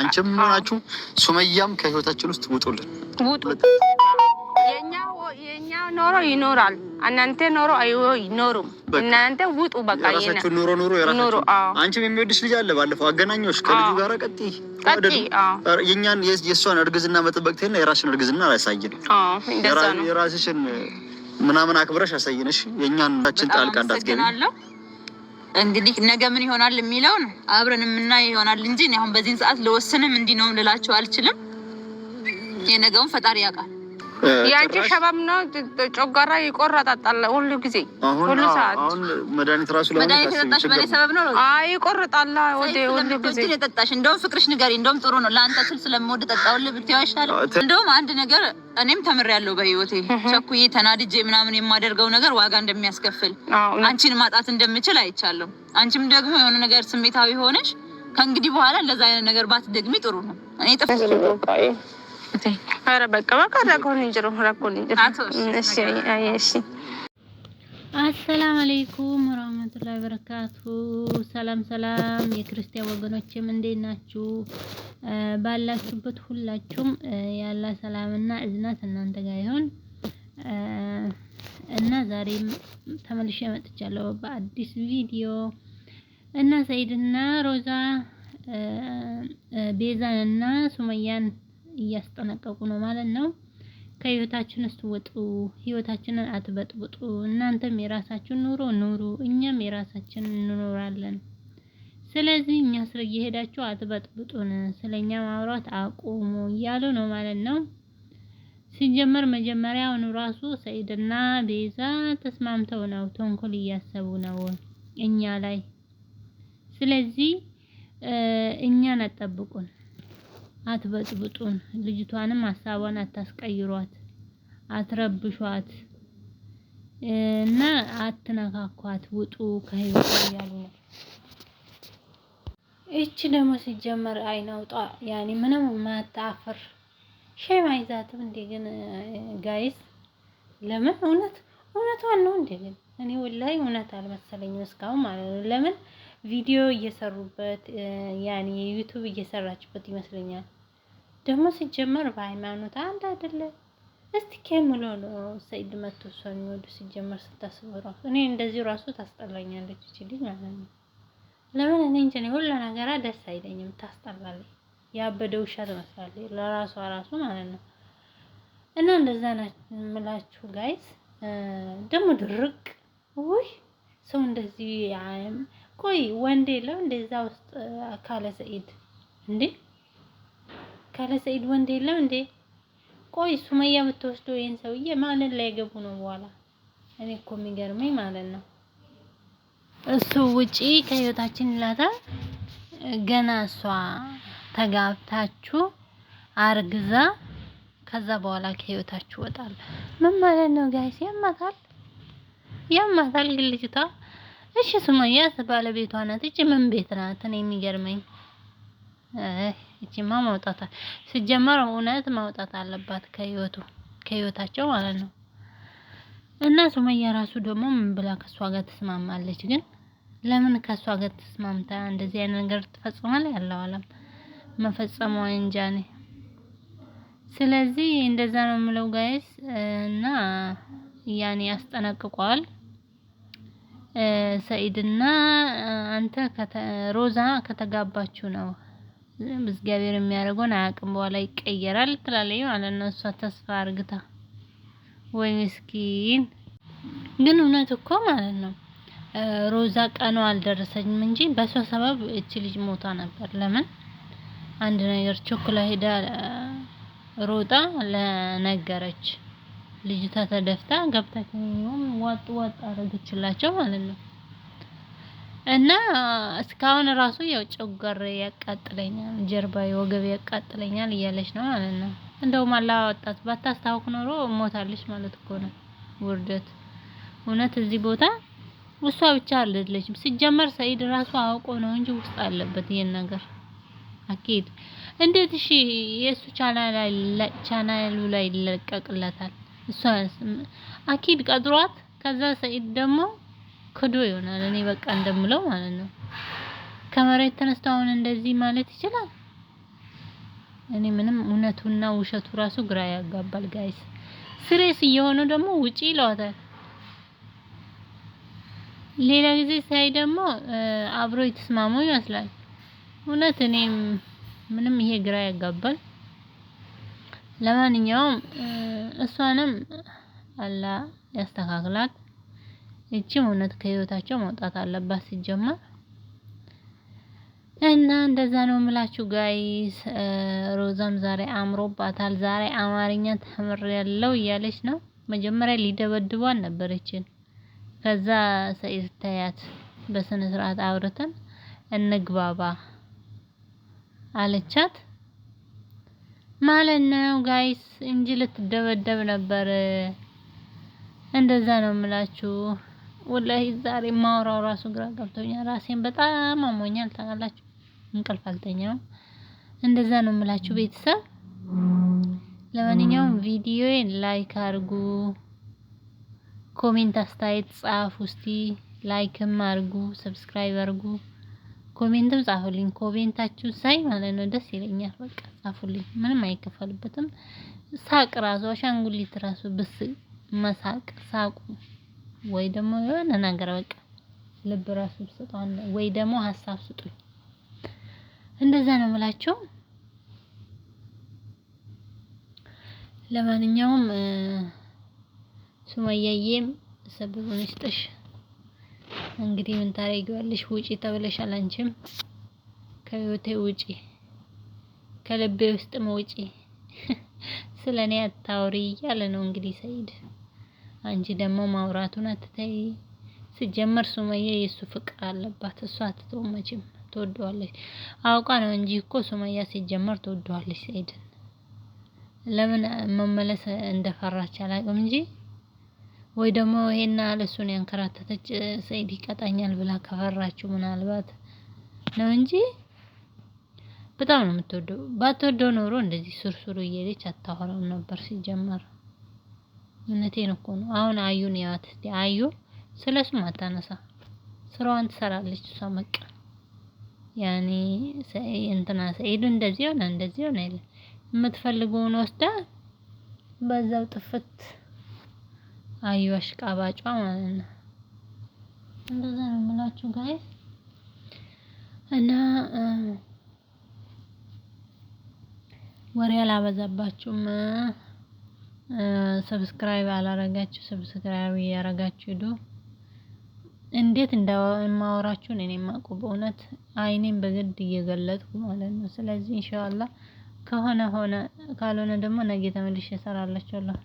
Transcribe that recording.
አንቺም ሆናችሁ ሱመያም ከህይወታችን ውስጥ ውጡልን። የኛ ኖሮ ይኖራል፣ እናንተ ኖሮ አይኖሩም። እናንተ ውጡ፣ በቃ የራሳችሁ ኑሮ ኑሮ የራሳችሁ። አንቺም የሚወድሽ ልጅ አለ። ባለፈው አገናኘሁሽ ከልጁ ጋር ቀጥ የእኛን የእሷን እርግዝና መጠበቅ ትሄና የራስሽን እርግዝና የራስሽን ምናምን አክብረሽ አሳይንሽ የእኛን ጣልቃ እንዳትገቢ እንግዲህ ነገ ምን ይሆናል የሚለውን አብረን የምና ይሆናል እንጂ አሁን በዚህን ሰዓት ለወስንም እንዲህ ነው ልላቸው አልችልም። የነገውን ፈጣሪ ያውቃል። የአንቺ ሸባም ነው ጮጋራ ይቆረጣጣል። ሁሉ ጊዜ ሁሉ ሰዓት መድኃኒት ራሱ ለመድኃኒት የጠጣሽ ሰበብ ነው። አይ ይቆረጣላ ወደ ሁሉ ጊዜ የጠጣሽ እንደውም ፍቅርሽ ንገሪ። እንደውም ጥሩ ነው ለአንተ ስል ስለምወድ ጠጣ ሁሉ ብትያሽ እንደውም አንድ ነገር እኔም ተምሬያለሁ በህይወቴ ቸኩዬ ተናድጄ ምናምን የማደርገው ነገር ዋጋ እንደሚያስከፍል አንቺን ማጣት እንደምችል አይቻለሁ። አንቺም ደግሞ የሆነ ነገር ስሜታዊ ሆነሽ ከእንግዲህ በኋላ እንደዛ አይነት ነገር ባትደግሚ ጥሩ ነው። እኔ ጥፍ ኧረ በቃ በቃ አሰላም አለይኩም ወራህመቱላሂ ወበረካቱ። ሰላም ሰላም የክርስቲያን ወገኖችም እንዴት ናችሁ? ባላችሁበት ሁላችሁም ያላ ሰላምና እዝነት እናንተ ጋር ይሁን እና ዛሬም ተመልሼ መጥቻለሁ በአዲስ ቪዲዮ እና ሰይድና ሮዛ ቤዛንና ሱመያን እያስጠነቀቁ ነው ማለት ነው። ከህይወታችን ውስጥ ውጡ፣ ህይወታችንን አትበጥብጡ፣ እናንተም የራሳችሁን ኑሮ ኑሩ፣ እኛም የራሳችንን እንኖራለን። ስለዚህ እኛ ስር እየሄዳችሁ አትበጥብጡን፣ ስለኛ ማውራት አቁሙ እያሉ ነው ማለት ነው። ሲጀመር መጀመሪያውኑ ራሱ ሰይድና ቤዛ ተስማምተው ነው ተንኮል እያሰቡ ነው እኛ ላይ። ስለዚህ እኛን አጠብቁን። አትበጥብጡን፣ ልጅቷንም ሀሳቧን አታስቀይሯት፣ አትረብሿት እና አትነካኳት፣ ውጡ ከህይወት እያሉ ነው። እቺ ደግሞ ሲጀመር አይናውጣ ያኔ ምንም ማታፈር ሸማ ይዛትም እንዴ! ግን ጋይስ ለምን እውነት እውነቷን ነው እንዴ! ግን እኔ ወላሂ እውነት አልመሰለኝም እስካሁን ማለት ነው። ለምን ቪዲዮ እየሰሩበት ያኔ ዩቲዩብ እየሰራችበት ይመስለኛል። ደግሞ ሲጀመር በሃይማኖት አንድ አይደለም። እስቲ ከምሎ ነው ሰይድ መቶ እሷን የሚወዱ ሲጀመር ስታስበው ራሱ እኔ እንደዚህ ራሱ ታስጠላኛለች ይችልኝ ማለት ነው። ለምን እኔ እንጂ ሁሉ ነገር ደስ አይለኝም፣ ታስጠላለች። ያበደ ውሻ ትመስላለች ለራሷ ራሱ ማለት ነው። እና እንደዛ ናችሁ የምላችሁ ጋይስ። ደግሞ ድርቅ ውይ ሰው እንደዚህ ቆይ ወንድ የለም እንደዛ ውስጥ አካለ ሰይድ እንዴ ካለ ሰኢድ ወንድ የለም እንዴ? ቆይ ሱመያ ብትወስደው ይሄን ሰውዬ ማለት ላይ ገቡ ነው በኋላ። እኔ እኮ የሚገርመኝ ማለት ነው እሱ ውጪ ከህይወታችን ይላታል። ገና እሷ ተጋብታችሁ አርግዛ ከዛ በኋላ ከህይወታችሁ ወጣል። ምን ማለት ነው ጋይስ? ያማታል ያማታል። ግን ልጅቷ እሺ ሱመያ ባለቤቷ ናት። እቺ ምን ቤት ናት? እኔ የሚገርመኝ ይቺማ ማውጣታል ሲጀመር እውነት ማውጣት አለባት ከህይወቱ ከህይወታቸው ማለት ነው። እና ሱመያ ራሱ ደግሞ ምን ብላ ከሷ ጋር ትስማማለች? ግን ለምን ከሷ ጋር ተስማምታ እንደዚህ አይነት ነገር ትፈጽማለች? ያለው አለም መፈጸሟ እንጃ እኔ። ስለዚህ እንደዛ ነው የምለው ጋይስ እና ያኔ ያስጠነቅቋል። ሰኢድና አንተ ሮዛ ከተጋባችሁ ነው እግዚአብሔር የሚያደርገውን አያውቅም፣ በኋላ ይቀየራል ትላለች ማለት ነው። እሷ ተስፋ አርግታ ወይ ምስኪን። ግን እውነት እኮ ማለት ነው ሮዛ ቀኗ አልደረሰኝም እንጂ በሷ ሰበብ እቺ ልጅ ሞታ ነበር። ለምን አንድ ነገር ቾኮላ ሄዳ ሮጣ ለነገረች ልጅቷ ተደፍታ ገብታ ዋጥ ዋጥ አረገችላቸው ማለት ነው። እና እስካሁን ራሱ ያው ጨጓራ ያቃጥለኛል፣ ጀርባ ወገብ ያቃጥለኛል እያለች ነው ማለት ነው። እንደውም አላወጣት ባታስታውክ ኖሮ ሞታለች ማለት እኮ ነው። ውርደት እውነት እዚህ ቦታ እሷ ብቻ አይደለችም። ሲጀመር ሰይድ ራሱ አውቆ ነው እንጂ ውስጥ አለበት ይሄን ነገር አኪድ። እንዴት እሺ የሱ ቻናሉ ላይ ይለቀቅለታል? እሷ አኪድ ቀጥሯት ከዛ ሰይድ ደግሞ ክዶ ይሆናል። እኔ በቃ እንደምለው ማለት ነው። ከመሬት ተነስቶ አሁን እንደዚህ ማለት ይችላል። እኔ ምንም እውነቱና ውሸቱ ራሱ ግራ ያጋባል። ጋይስ ስሬስ እየሆኑ ደግሞ ውጪ ይለዋታል። ሌላ ጊዜ ሳይ ደግሞ አብሮ የተስማሙ ይመስላል። እውነት እኔ ምንም ይሄ ግራ ያጋባል። ለማንኛውም እሷንም አላ ያስተካክላት። እችም እውነት ከህይወታቸው መውጣት አለባት ሲጀመር እና እንደዛ ነው የምላችሁ ጋይስ። ሮዛም ዛሬ አምሮባታል። ዛሬ አማርኛ ተምር ያለው እያለች ነው። መጀመሪያ ሊደበድቧን ነበር እችን። ከዛ ሰኢድ ታያት በስነ ስርዓት አውርተን እንግባባ አለቻት ማለት ነው ጋይስ እንጂ ልትደበደብ ነበር። እንደዛ ነው የምላችሁ። ወላሂ ዛሬ ማውራው ራሱ ግራ ገብቶኛል። ራሴን በጣም አሞኛል ታውቃላችሁ። እንቅልፍ አልተኛም። እንደዛ ነው የምላችሁ ቤተሰብ። ለማንኛውም ቪዲዮዬን ላይክ አርጉ፣ ኮሜንት አስተያየት ጻፉ። እስቲ ላይክም አርጉ ሰብስክራይብ አርጉ ኮሜንትም ጻፉልኝ። ኮሜንታችሁ ሳይ ማለት ነው ደስ ይለኛል። በቃ ጻፉልኝ፣ ምንም አይከፈልበትም። ሳቅ ራሱ አሻንጉሊት ራሱ ብስ መሳቅ ሳቁ ወይ ደግሞ የሆነ ነገር በቃ ልብ ራሱ ብሰጠው ወይ ደግሞ ሀሳብ ስጡኝ። እንደዛ ነው የምላቸው። ለማንኛውም ሱመያዬም ሰብሩን ይስጥሽ። እንግዲህ ምን ታደርጊዋለሽ? ውጪ ተብለሻል። አንቺም ከህይወቴ ውጪ፣ ከልቤ ውስጥም ውጪ፣ ስለኔ አታውሪ እያለ ነው እንግዲህ ሰይድ አንቺ ደግሞ ማውራቱን አትተይ። ሲጀመር ሱመያ የሱ ፍቅር አለባት። እሷ አትተው መቼም ትወደዋለች። አውቃ ነው እንጂ እኮ ሱመያ ሲጀመር ትወደዋለች ሰይድን ለምን መመለስ እንደፈራች አላውቅም እንጂ ወይ ደግሞ ይሄና ለሱን ያንከራተተች ሰይድ ይቀጣኛል ብላ ከፈራችሁ ምናልባት ነው እንጂ በጣም ነው የምትወደው። ባትወደው ኖሮ እንደዚህ ሱርሱሩ እየሄደች አታወራም ነበር ሲጀመር። እውነቴን እኮ ነው። አሁን አዩን ያዋት እስቲ አዩ ስለሱም አታነሳ ስራዋን ትሰራለች። እሷ መቀ ያኔ እንትና ሰኢዱ እንደዚህ ሆነ እንደዚህ ሆነ ይላል። የምትፈልገውን ወስዳ በዛው ጥፍት አዩ አሽቃባጯ ማለት ነው። እንደዛ ነው የምላችሁ ጋይ እና ወሬ አላበዛባችሁም። ሰብስክራይብ አላረጋችሁ ሰብስክራይብ እያረጋችሁ ሂዱ። እንዴት እንደማወራችሁ እኔ የማውቀው በእውነት አይኔን በግድ እየገለጥኩ ማለት ነው። ስለዚህ ኢንሻአላህ ከሆነ ሆነ ካልሆነ ደግሞ ነገ ተመልሼ እሰራላችኋለሁ።